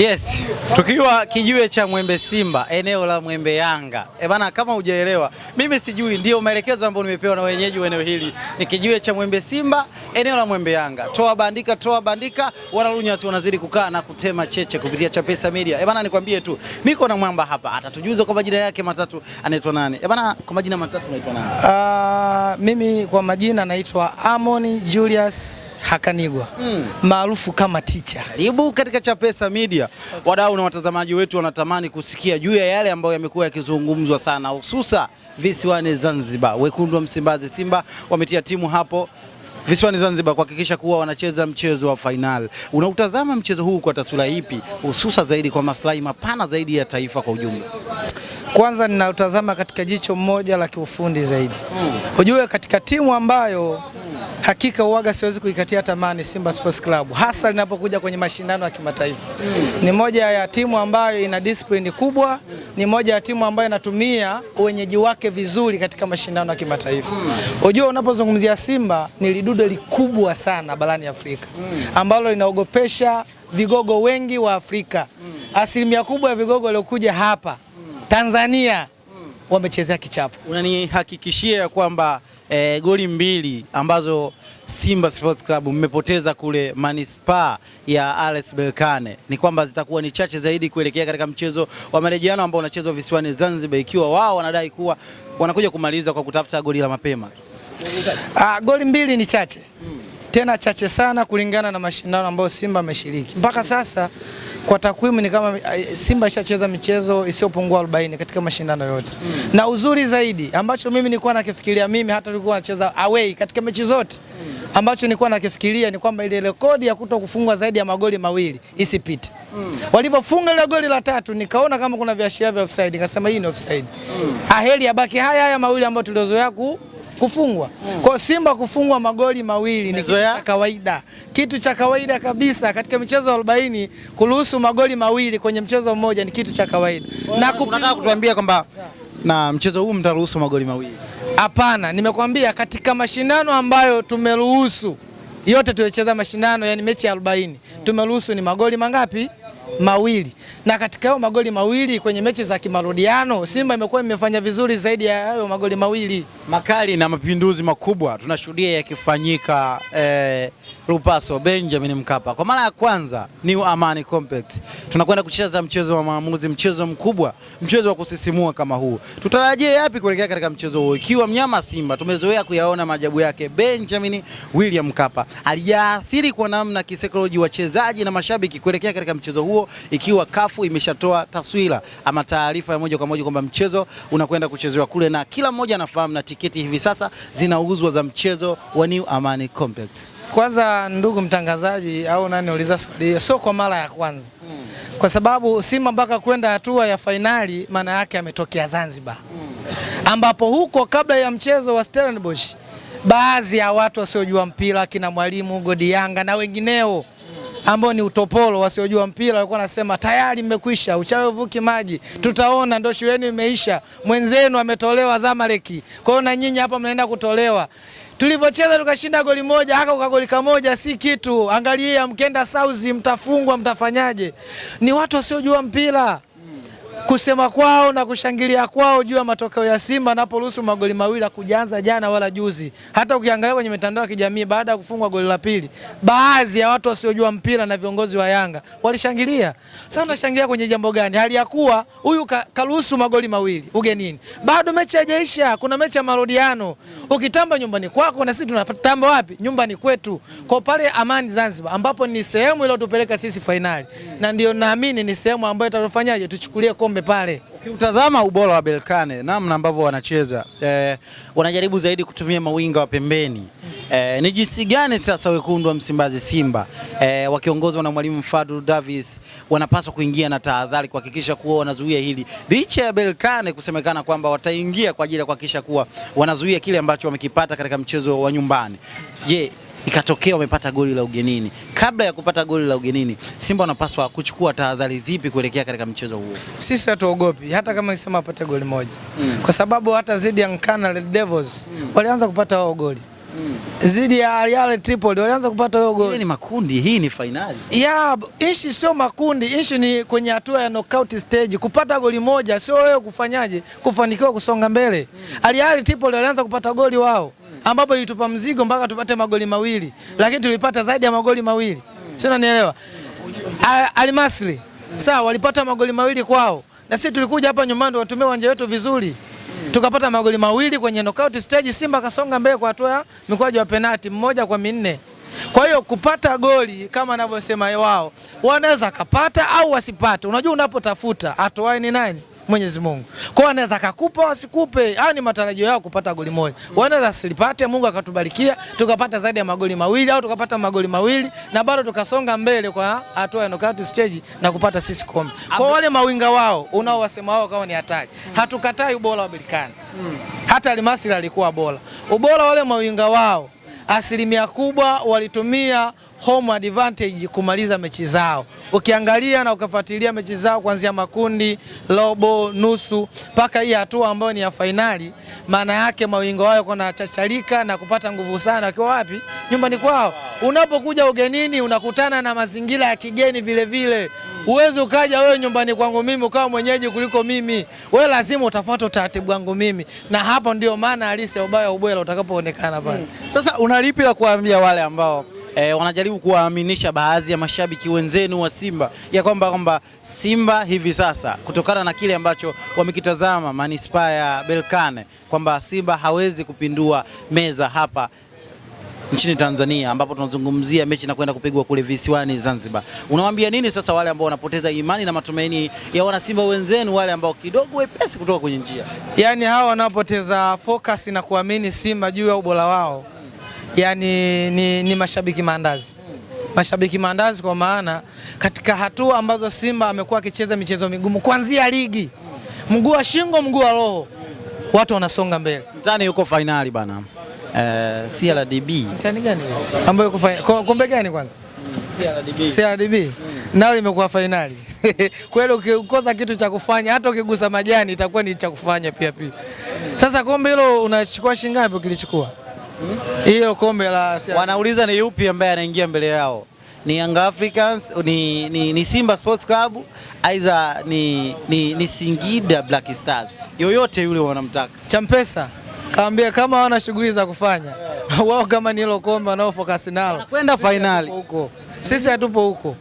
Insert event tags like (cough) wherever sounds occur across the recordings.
Yes, tukiwa kijiwe cha Mwembe Simba, eneo la Mwembe Yanga. E bana, kama hujaelewa, mimi sijui, ndio maelekezo ambayo nimepewa na wenyeji wa eneo hili. Ni kijiwe cha Mwembe Simba, eneo la Mwembe Yanga. Toa bandika, toa bandika, wanalunyasi wanazidi kukaa na kutema cheche kupitia Chapesa Media. E bana, nikwambie tu, niko na mwamba hapa, atatujuza kwa majina yake matatu anaitwa nani? E bana, kwa majina matatu anaitwa nani? Uh, mimi kwa majina naitwa Amon Julius Hakanigwa, mm, maarufu kama Ticha. Karibu katika Chapesa Media wadau na watazamaji wetu wanatamani kusikia juu ya yale ambayo yamekuwa yakizungumzwa sana, hususa visiwani Zanzibar. Wekundu wa Msimbazi Simba wametia timu hapo visiwani Zanzibar kuhakikisha kuwa wanacheza mchezo wa fainali. Unautazama mchezo huu kwa taswira ipi, hususa zaidi kwa maslahi mapana zaidi ya taifa kwa ujumla? Kwanza ninautazama katika jicho mmoja la kiufundi zaidi. Hujue hmm. katika timu ambayo Hakika uwaga siwezi kuikatia tamani Simba Sports Club, hasa linapokuja kwenye mashindano ya kimataifa. Ni moja ya timu ambayo ina discipline kubwa, ni moja ya timu ambayo inatumia uwenyeji wake vizuri katika mashindano ya kimataifa. Unajua, unapozungumzia Simba ni lidude likubwa sana barani Afrika ambalo linaogopesha vigogo wengi wa Afrika. Asilimia kubwa ya vigogo waliokuja hapa Tanzania wamechezea kichapo. Unanihakikishia kwamba e, goli mbili ambazo Simba Sports Club mmepoteza kule manispaa ya Ales belkane ni kwamba zitakuwa ni chache zaidi kuelekea katika mchezo wa marejeano ambao unachezwa visiwani Zanzibar, ikiwa wao wanadai kuwa wanakuja kumaliza kwa kutafuta goli la mapema. Ah, goli mbili ni chache hmm, tena chache sana kulingana na mashindano ambayo Simba ameshiriki mpaka sasa kwa takwimu ni kama eh, Simba ishacheza michezo isiyopungua 40 katika mashindano yote mm. na uzuri zaidi ambacho mimi nilikuwa nakifikiria mimi hata nilikuwa nacheza away katika mechi zote mm. ambacho nilikuwa nakifikiria ni kwamba ile rekodi ya kuto kufungwa zaidi ya magoli mawili isipite mm. walivyofunga ile goli la tatu nikaona kama kuna viashiria vya offside, nikasema hii ni offside mm. aheri abaki haya haya mawili ambayo tuliozoea ku kufungwa mm. Kwa Simba kufungwa magoli mawili ni kitu cha kawaida, kitu cha kawaida kabisa katika michezo 40 kuruhusu magoli mawili kwenye mchezo mmoja ni kitu cha kawaida na unataka kutuambia kwamba na mchezo huu mtaruhusu magoli mawili? Hapana, nimekwambia katika mashindano ambayo tumeruhusu yote tulicheza mashindano, yani mechi 40 mm. tumeruhusu ni magoli mangapi? mawili na katika hayo magoli mawili kwenye mechi za kimarudiano Simba imekuwa imefanya vizuri zaidi ya hayo magoli mawili makali na mapinduzi makubwa tunashuhudia yakifanyika eh, Rupaso Benjamin Mkapa. Kwa mara ya kwanza New Amani Complex tunakwenda kucheza mchezo wa maamuzi, mchezo mkubwa, mchezo wa kusisimua kama huu. Tutarajie yapi kuelekea katika mchezo huo, ikiwa mnyama Simba tumezoea kuyaona maajabu yake Benjamin William Mkapa alijaathiri kwa namna kisaikolojia wachezaji na mashabiki kuelekea katika mchezo huo? huo, ikiwa kafu imeshatoa taswira ama taarifa ya moja kwa moja kwamba mchezo unakwenda kuchezewa kule, na kila mmoja anafahamu, na tiketi hivi sasa zinauzwa za mchezo wa New Amani Complex. Kwanza ndugu mtangazaji au nani, uliza swali hiyo, sio kwa mara ya kwanza hmm. kwa sababu Simba mpaka kwenda hatua ya fainali, maana yake ametokea Zanzibar hmm. ambapo huko kabla ya mchezo wa Stellenbosch baadhi ya watu wasiojua mpira kina mwalimu Godi Yanga na wengineo ambao ni utopolo wasiojua mpira walikuwa nasema tayari mmekwisha, uchawi uvuki maji, tutaona ndio shule yenu imeisha, mwenzenu ametolewa Zamalek. kwa hiyo na nyinyi hapa mnaenda kutolewa. Tulivyocheza tukashinda goli moja, haka ukagoli kamoja si kitu. Angalia, mkenda sauzi mtafungwa, mtafanyaje? Ni watu wasiojua mpira kusema kwao na kushangilia kwao juu ya matokeo ya Simba naporuhusu magoli mawili kujaanza jana wala juzi. Hata ukiangalia kwenye mitandao ya kijamii baada ya kufungwa goli la pili, baadhi ya watu wasiojua mpira na viongozi wa Yanga walishangilia. Sasa unashangilia kwenye jambo gani? Hali ya kuwa huyu karuhusu magoli mawili ugenini, bado mechi haijaisha, kuna mechi ya marudiano. Ukitamba nyumbani kwako, na sisi tunatamba wapi? Nyumbani kwetu, kwa pale Amani Zanzibar, ambapo ni sehemu iliyotupeleka sisi fainali, na ndio naamini ni sehemu ambayo itatufanyaje tuchukulie kombe kombe pale. Ukiutazama ubora wa belkane namna ambavyo wanacheza eh, wanajaribu zaidi kutumia mawinga wa pembeni eh, ni jinsi gani sasa wekundu wa Msimbazi Simba eh, wakiongozwa na mwalimu Fadlu Davis wanapaswa kuingia na tahadhari kuhakikisha kuwa wanazuia hili, licha ya belkane kusemekana kwamba wataingia kwa ajili ya kuhakikisha kuwa wanazuia kile ambacho wamekipata katika mchezo wa nyumbani. Je, ikatokea wamepata goli la ugenini. Kabla ya kupata goli la ugenini, Simba wanapaswa kuchukua tahadhari zipi kuelekea katika mchezo huo? Sisi hatuogopi hata kama isema apate goli moja mm. kwa sababu hata zidi ya Nkana Red Devils mm. walianza kupata wao goli mm. zidi ya Real Tripoli walianza kupata wao goli. Hii ni makundi, hii ni fainali ya ishi, sio makundi ishi, ni kwenye hatua ya knockout stage. Kupata goli moja sio wewe kufanyaje, kufanikiwa kusonga mbele mm. Real Tripoli walianza kupata goli wao ambapo ilitupa mzigo mpaka tupate magoli mawili, lakini tulipata zaidi ya magoli mawili, sio? Unanielewa? Almasri sawa, walipata magoli mawili kwao, na sisi tulikuja hapa nyumbani watumie uwanja wetu vizuri tukapata magoli mawili kwenye knockout stage. Simba kasonga mbele kwa hatua ya mikwaju ya penalti mmoja kwa minne. Kwa hiyo kupata goli kama anavyosema wao, wanaweza kapata au wasipate. Unajua, unapotafuta atoae ni nani? Mwenyezi Mungu. Kwa hiyo anaweza akakupa wasikupe asikupe. Haya ni matarajio yao kupata goli moja. Wanaweza silipate, Mungu akatubarikia, tukapata zaidi ya magoli mawili au tukapata magoli mawili na bado tukasonga mbele kwa hatua ya knockout stage na kupata sisi kombe. Kwa wale mawinga wao unaowasema wao kama ni hatari. Hmm. Hatukatai ubora wa Berkane. Hmm. Hata Almasri alikuwa bora. Ubora wale mawinga wao asilimia kubwa walitumia home advantage kumaliza mechi zao. Ukiangalia na ukafuatilia mechi zao kuanzia makundi, robo, nusu mpaka hii hatua ambayo ni ya fainali, maana yake mawingo wao kunachacharika na kupata nguvu sana wakiwa wapi? Nyumbani kwao. Unapokuja ugenini unakutana na mazingira ya kigeni vile vile. Uweze ukaja wewe nyumbani kwangu mimi ukawa mwenyeji kuliko mimi. Wewe lazima utafuata utaratibu wangu mimi. Na hapo ndio maana halisi ya ubaya ubwela utakapoonekana pale. Hmm. Sasa unalipi la kuambia wale ambao e, wanajaribu kuwaaminisha baadhi ya mashabiki wenzenu wa Simba ya kwamba kwamba Simba hivi sasa kutokana na kile ambacho wamekitazama manispaa ya Berkane kwamba Simba hawezi kupindua meza hapa nchini Tanzania ambapo tunazungumzia mechi na kwenda kupigwa kule visiwani Zanzibar. Unawaambia nini sasa wale ambao wanapoteza imani na matumaini ya wanasimba wenzenu, wale ambao kidogo wepesi kutoka kwenye njia, yaani hawa wanaopoteza focus na kuamini Simba juu ya ubora wao yani ni, ni mashabiki maandazi mashabiki maandazi, kwa maana katika hatua ambazo Simba amekuwa akicheza michezo migumu kuanzia ligi, mguu wa shingo, mguu wa roho, watu wanasonga mbele. Mtani yuko fainali bana. Eh, CRDB mtani gani ambayo yuko fainali? Kombe gani kwanza? CRDB nao limekuwa fainali (laughs) kweli. Ukikosa kitu cha kufanya, hata ukigusa majani itakuwa ni cha kufanya pia pia. Sasa kombe hilo unachukua shingapi? Ukilichukua hiyo kombe la wanauliza ni yupi ambaye anaingia mbele yao, ni Young Africans, ni, ni, ni Simba Sports Club aidha ni, ni, ni Singida Black Stars, yoyote yule wanamtaka. Champesa kaambia kama wana shughuli za kufanya (laughs) wao, kama ni hilo kombe wanaofokasi nalo, wanakwenda fainali huko. Sisi hatupo huko,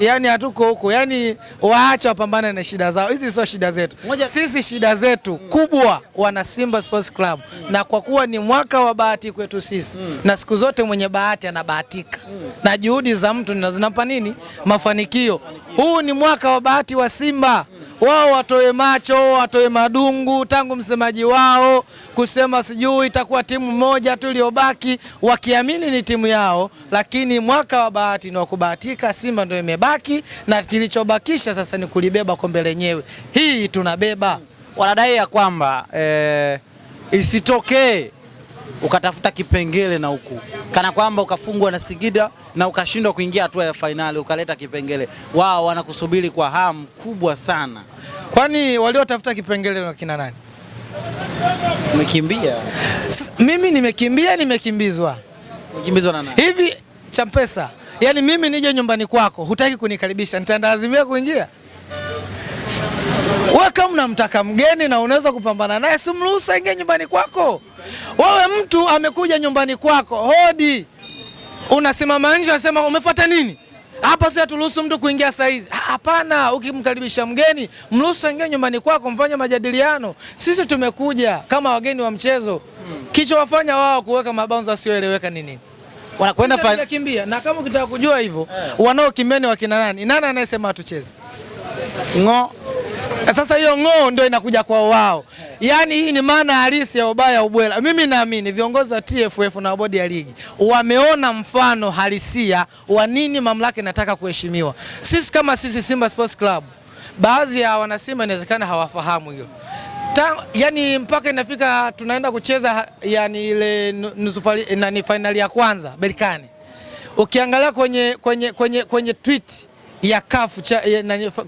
yaani hatuko huko, yaani waache wapambane na shida zao. Hizi sio shida zetu Mwaja... sisi shida zetu mm. kubwa wana Simba Sports Club mm. na kwa kuwa ni mwaka wa bahati kwetu sisi mm. na siku zote mwenye bahati anabahatika mm. na juhudi za mtu zinampa nini mafanikio. Huu ni mwaka wa bahati wa Simba wao watoe macho, watoe madungu, tangu msemaji wao kusema sijui itakuwa timu moja tu iliyobaki, wakiamini ni timu yao. Lakini mwaka wa bahati ni wakubahatika, Simba ndio imebaki na kilichobakisha sasa ni kulibeba kombe lenyewe. Hii tunabeba, wanadai ya kwamba eh, isitokee ukatafuta kipengele na huku, kana kwamba ukafungwa na Singida na ukashindwa kuingia hatua ya fainali, ukaleta kipengele. Wao wanakusubiri kwa hamu kubwa sana. Kwani waliotafuta kipengele na kina nani? Umekimbia mimi nimekimbia, nimekimbizwa. Umekimbizwa na nani? Hivi Champesa, yani mimi nije nyumbani kwako hutaki kunikaribisha, nitandazimia kuingia wewe? Kama mtaka mgeni na unaweza kupambana naye, simruhusu aingie nyumbani kwako. Wewe mtu amekuja nyumbani kwako hodi, unasimama nje unasema umefuata nini hapa? Sasa turuhusu mtu kuingia saa hizi? Hapana, ukimkaribisha mgeni mruhusu aingie nyumbani kwako, mfanye majadiliano. Sisi tumekuja kama wageni wa mchezo, kichowafanya wao kuweka mabanzo asiyoeleweka nini wanakwenda kimbia na kama ukitaka kujua hivyo, yeah. Wanaokimbia ni wakina nani? Nani anayesema hatucheze ngo na eh, sasa hiyo ng'oo ndio inakuja kwa wao, yaani hii ni maana halisi ya ubaya ubwela. Mimi naamini viongozi wa TFF na bodi ya ligi wameona mfano halisia wa nini mamlaka inataka kuheshimiwa. Sisi kama sisi Simba Sports Club, baadhi ya wanasimba inawezekana hawafahamu hilo Ta, yani mpaka inafika tunaenda kucheza yani ile nusu finali ya kwanza Berkane, ukiangalia kwenye, kwenye, kwenye, kwenye tweet ya CAF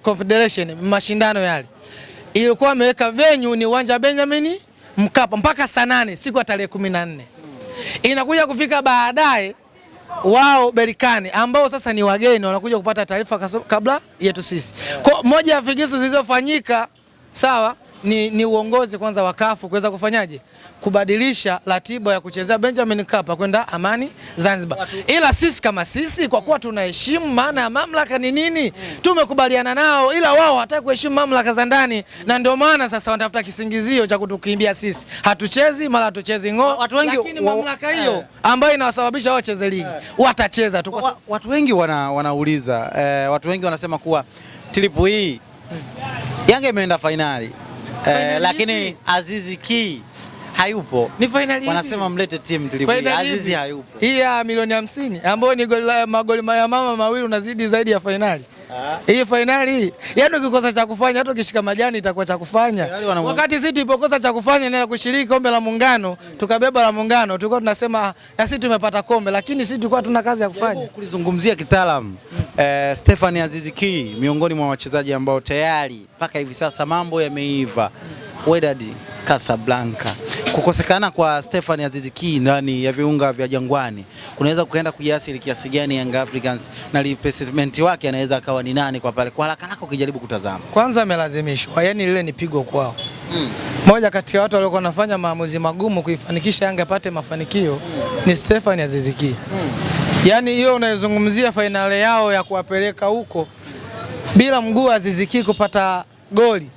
Confederation mashindano yale, ilikuwa ameweka venyu ni uwanja wa Benjamin Mkapa mpaka saa nane siku ya tarehe kumi na nne inakuja kufika baadaye wao Berikani ambao sasa ni wageni wanakuja kupata taarifa kabla yetu sisi. Kwa moja ya figisu zilizofanyika sawa ni, ni uongozi kwanza wa kafu kuweza kufanyaje kubadilisha ratiba ya kuchezea Benjamin Mkapa kwenda Amani Zanzibar, ila sisi kama sisi kwa kuwa tunaheshimu maana ya mamlaka ni nini, tumekubaliana nao, ila wao hataki kuheshimu mamlaka za ndani, na ndio maana sasa wanatafuta kisingizio cha kutukimbia sisi, hatuchezi mara hatuchezi ng'o. Watu wengi lakini mamlaka hiyo eh. ambayo inawasababisha wao cheze ligi eh. watacheza tu. Watu wengi wana, wanauliza eh, watu wengi wanasema kuwa tilipu hii hmm. Yanga imeenda fainali Eh, lakini Azizi Ki hayupo. Ni finali. Wanasema mlete timu tulipoia. Azizi hayupo. Hii ya milioni 50 ambayo ni magoli ya mama mawili unazidi zaidi ya finali. Ah. Hii fainali, yaani ukikosa cha kufanya hata ukishika majani itakuwa cha kufanya. Wakati sisi tulipokosa cha kufanya ni kushiriki kombe la muungano, tukabeba la muungano, tulikuwa tunasema ah, na sisi tumepata kombe, lakini sisi tulikuwa tuna kazi ya kufanya. Kulizungumzia kitaalamu eh, Stephanie Aziz Ki miongoni mwa wachezaji ambao tayari mpaka hivi sasa mambo yameiva. Wydad Casablanca. Kukosekana kwa Stefan Aziziki ndani ya viunga vya Jangwani kunaweza kukaenda kuiasili kiasi gani Young Africans na replacement wake anaweza akawa ni nani kwa pale, kwa haraka haraka ukijaribu kutazama? Kwanza amelazimishwa, yani lile ni pigo kwao mm. Moja kati ya watu waliokuwa wanafanya maamuzi magumu kuifanikisha Yanga apate mafanikio mm. ni Stefan Aziziki mm. Yaani hiyo unayozungumzia fainali yao ya kuwapeleka huko bila mguu Aziziki kupata goli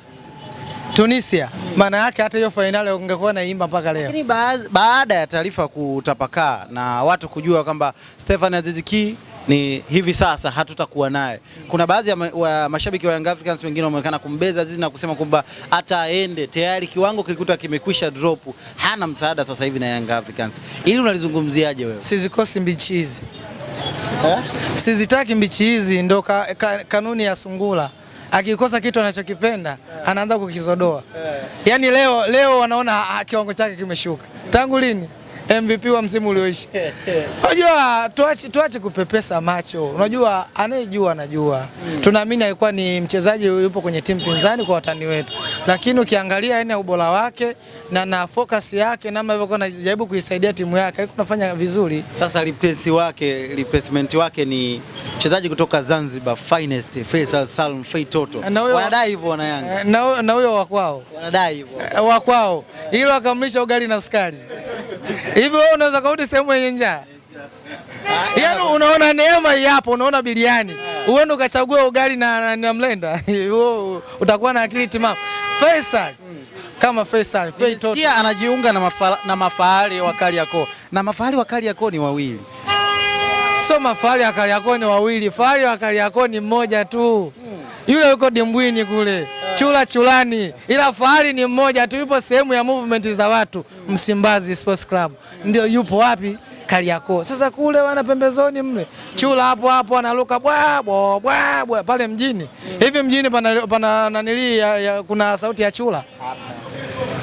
Tunisia, maana yake hata hiyo fainali ungekuwa naimba mpaka leo. Lakini baada ya taarifa kutapakaa na watu kujua kwamba Stefan Aziz Ki ni hivi sasa hatutakuwa naye, kuna baadhi ya ma, wa, mashabiki wa Young Africans wengine wameonekana kumbeza Aziz na kusema kwamba hata aende tayari kiwango kilikuta kimekwisha drop, hana msaada sasa hivi na Young Africans. Ili unalizungumziaje wewe? Sizikosi mbichi hizi eh? Sizitaki mbichi hizi, ndo ka, ka, kanuni ya sungula akikosa kitu anachokipenda anaanza kukizodoa. Yaani leo leo wanaona kiwango chake kimeshuka. Tangu lini? MVP wa msimu ulioisha. (laughs) Unajua tuache tuache kupepesa macho. Unajua anayejua anajua. Hmm. Tunaamini alikuwa ni mchezaji yupo kwenye timu pinzani kwa watani wetu. Lakini ukiangalia aina ya ubora wake na na focus yake namna alivyokuwa anajaribu kuisaidia timu yake, alikuwa anafanya vizuri. Sasa replace wake, replacement wake ni mchezaji kutoka Zanzibar Finest, Faisal Salum Feitoto. Wanadai hivyo wana Yanga. Eh, na huyo wa kwao. Wanadai hivyo. Eh, wa kwao. Hilo akamlisha ugali na sukari. (laughs) Hivyo wewe unaweza kurudi sehemu yenye njaa? Yaani unaona neema yapo, unaona biliani uende ukachagua ugali na, na, na mlenda (laughs) utakuwa na akili timamu. Faisal kama Faisal Faitoto anajiunga na, mafa, na mafahali wa Kariakoo na mafahali wa Kariakoo ni wawili, sio mafahali wa Kariakoo ni wawili, fahali wa Kariakoo ni mmoja tu, hmm. yule yuko dimbwini kule chula chulani, ila fahari ni mmoja tu, yupo sehemu ya movement za watu Msimbazi Sports Club. Ndio yupo wapi? Kariakoo. Sasa kule wana pembezoni mle chula hapo hapo analuka bwa bwa bwa bwa pale mjini hivi mjini pana, pana nanili ya, ya, kuna sauti ya chula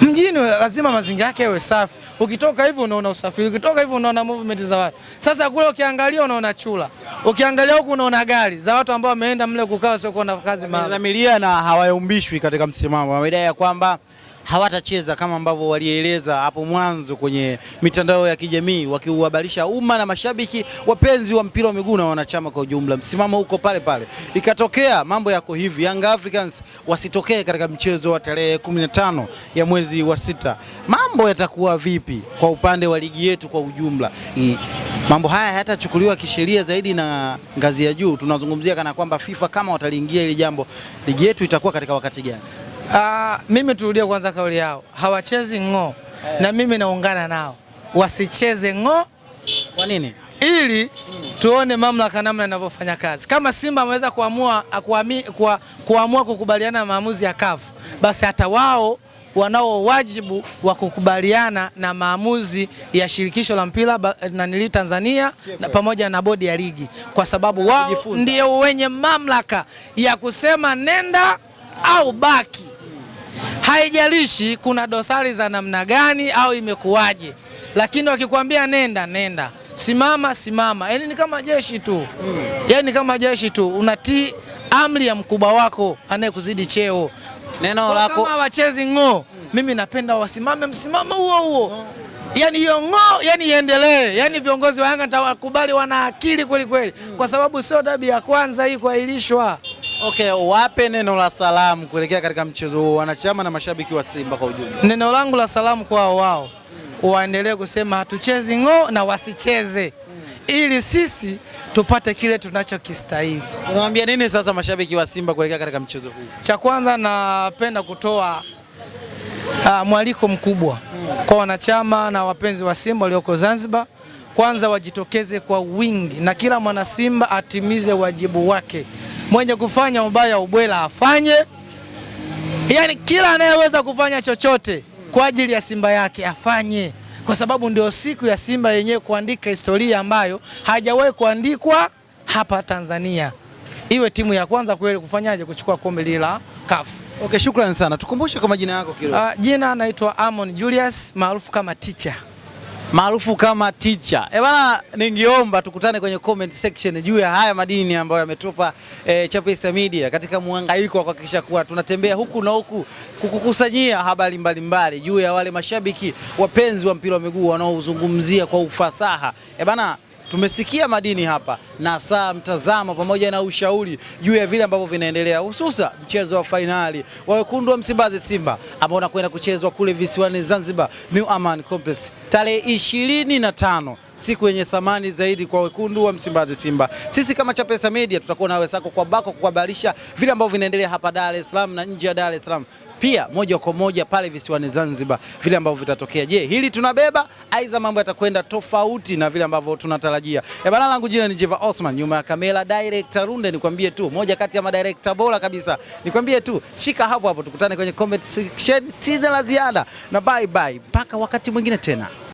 mjini, lazima mazingira yake yawe safi. Ukitoka hivyo unaona usafiri, ukitoka hivyo unaona movement za watu. Sasa kule ukiangalia unaona chula, ukiangalia huku unaona gari za watu ambao wameenda mle kukaa, sio kuona kazi. Wamedhamiria na hawayumbishwi katika msimamo, wamedai ya kwamba hawatacheza kama ambavyo walieleza hapo mwanzo kwenye mitandao ya kijamii wakiuhabarisha umma na mashabiki, wapenzi wa mpira wa miguu na wanachama kwa ujumla. Msimamo huko pale pale. Ikatokea mambo yako hivi, Young Africans wasitokee katika mchezo wa tarehe 15 ya mwezi wa sita, mambo yatakuwa vipi kwa upande wa ligi yetu kwa ujumla? Mambo haya hayatachukuliwa kisheria zaidi na ngazi ya juu. Tunazungumzia kana kwamba FIFA kama wataliingia hili jambo, ligi yetu itakuwa katika wakati gani? Uh, mimi turudie kwanza kauli yao, hawachezi ng'oo hey. Eh. Na mimi naungana nao wasicheze ng'oo. Kwa nini? Ili hmm. tuone mamlaka namna inavyofanya kazi. Kama Simba ameweza kuamua, kuamua, kuamua kukubaliana na maamuzi ya kafu, basi hata wao wanao wajibu wa kukubaliana na maamuzi ya shirikisho la mpira na nili Tanzania na pamoja na bodi ya ligi, kwa sababu wao ndio wenye mamlaka ya kusema nenda au baki haijalishi kuna dosari za namna gani au imekuwaje, lakini wakikwambia nenda nenda, simama simama, yani ni kama jeshi tu mm. Yani ni kama jeshi tu, unatii amri ya mkubwa wako anayekuzidi cheo. Neno lako kama wachezi ng'oo mm. mimi napenda wasimame msimamo huo huo no. Hmm. Yaani hiyo ng'oo yani iendelee. yani viongozi wa Yanga nitawakubali, wana akili kweli kweli mm. kwa sababu sio dabi ya kwanza hii kuahirishwa. Okay, wape neno la salamu kuelekea katika mchezo huu wanachama na mashabiki wa Simba kwa ujumla. Neno langu la salamu kwao wao, hmm, waendelee kusema hatuchezi ng'oo na wasicheze ili sisi tupate kile tunachokistahili. Unawaambia nini sasa mashabiki wa Simba kuelekea katika mchezo huu? Cha kwanza napenda kutoa uh, mwaliko mkubwa mm. kwa wanachama na wapenzi wa Simba walioko Zanzibar, kwanza wajitokeze kwa wingi na kila mwana Simba atimize wajibu wake mwenye kufanya ubaya ubwela afanye, yani kila anayeweza kufanya chochote kwa ajili ya Simba yake afanye, kwa sababu ndio siku ya Simba yenyewe kuandika historia ambayo hajawahi kuandikwa hapa Tanzania, iwe timu ya kwanza kweli kufanyaje kuchukua kombe lile la CAF. Okay, shukrani sana. Tukumbushe kwa majina yako kilo. Uh, ah, jina naitwa Amon Julius maarufu kama Teacher maarufu kama ticha. Eh bana, ningeomba tukutane kwenye comment section juu ya haya madini ambayo yametupa e, Chapesa Media katika muhangaiko wa kuhakikisha kuwa tunatembea huku na huku kukukusanyia habari mbalimbali juu ya wale mashabiki wapenzi wa mpira wa miguu wanaozungumzia kwa ufasaha. Eh bana Tumesikia madini hapa na saa mtazamo pamoja na ushauri juu ya vile ambavyo vinaendelea, hususa mchezo wa fainali wa wekundu wa Msimbazi Simba ambao unakwenda kuchezwa kule visiwani Zanzibar New Aman Complex tarehe ishirini na tano siku yenye thamani zaidi kwa wekundu wa Msimbazi, Simba. Sisi kama Chapesa Media tutakuwa na sako kwa bako kukuhabarisha vile ambavyo vinaendelea hapa Dar es Salaam na nje ya Dar es Salaam, pia moja kwa moja pale visiwani Zanzibar, vile ambavyo vitatokea. Je, hili tunabeba aidha mambo yatakwenda tofauti na vile ambavyo tunatarajia? E bana, langu jina ni Jeva Osman, nyuma ya kamera director Runde. Nikwambie tu moja kati ya madirector bora kabisa, nikwambie tu shika hapo hapo, tukutane kwenye comment section. Sina la ziada na bye bye, mpaka wakati mwingine tena.